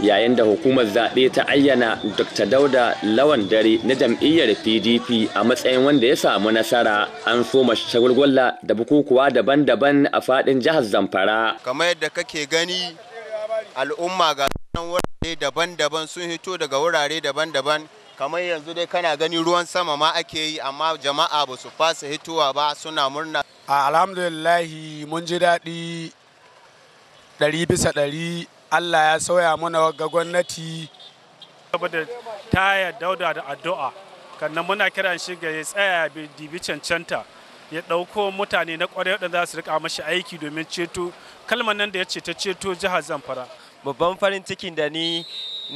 yayin da hukumar zaɓe ta ayyana dr dauda lawan dare na jam'iyyar pdp a matsayin wanda ya samu nasara an soma shagulgwalla da bukukuwa daban-daban a faɗin jihar zamfara kamar yadda kake gani al'umma ga wurare daban-daban sun hito daga wurare daban-daban kamar yanzu dai kana gani ruwan sama ma ake yi amma jama'a ba su fasa hitowa ba suna murna alhamdulillahi mun ji daɗi ɗari bisa ɗari Allah ya sauya mana ga gwamnati. Saboda ta yarda da addu'a, kannan muna kiran shi ga ya tsaya ya dibi cancanta, ya ɗauko mutane na ƙwarai waɗanda za su riƙa mashi aiki domin ceto kalmar nan da ya ce ta ceto jihar Zamfara. Babban farin cikin da ni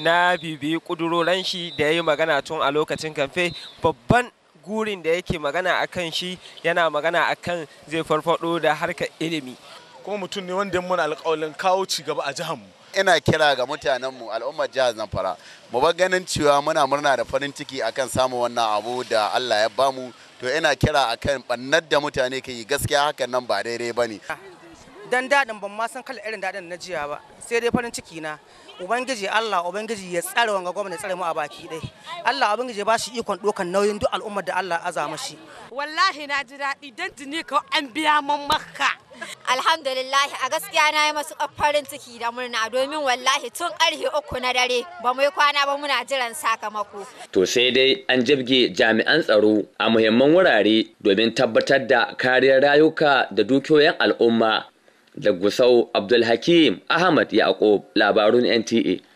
na bibi ƙuduroran shi da ya yi magana tun a lokacin kamfe babban gurin da yake magana akan shi yana magana akan zai farfaɗo da harkar ilimi kuma mutum ne wanda muna alƙawalin kawo ci gaba a jihar mu ina kira ga mutanenmu al'ummar jihar zamfara mu bar ganin cewa muna murna da farin ciki akan samun wannan abu da allah ya ba mu to ina kira akan bannar da mutane ke yi gaskiya hakan nan ba daidai ba ne dan daɗin ban ma san kala irin dadin na jiya ba sai dai farin ciki na ubangiji allah ubangiji ya tsare wanga gwamnati tsare mu a baki dai allah ubangiji ba shi ikon dokan nauyin duk al'ummar da allah azama shi wallahi na ji daɗi dan tuni ka an biya mun makka Alhamdulillah a gaskiya na yi masu farin ciki da murna domin wallahi tun karfe uku na dare ba mu yi kwana ba muna jiran sakamako. To sai dai an jibge jami'an tsaro a muhimman wurare domin tabbatar da kariyar rayuka da dukiyoyin al'umma. Da Gusau Abdulhakim Ahmad Yaqub labarun NTA.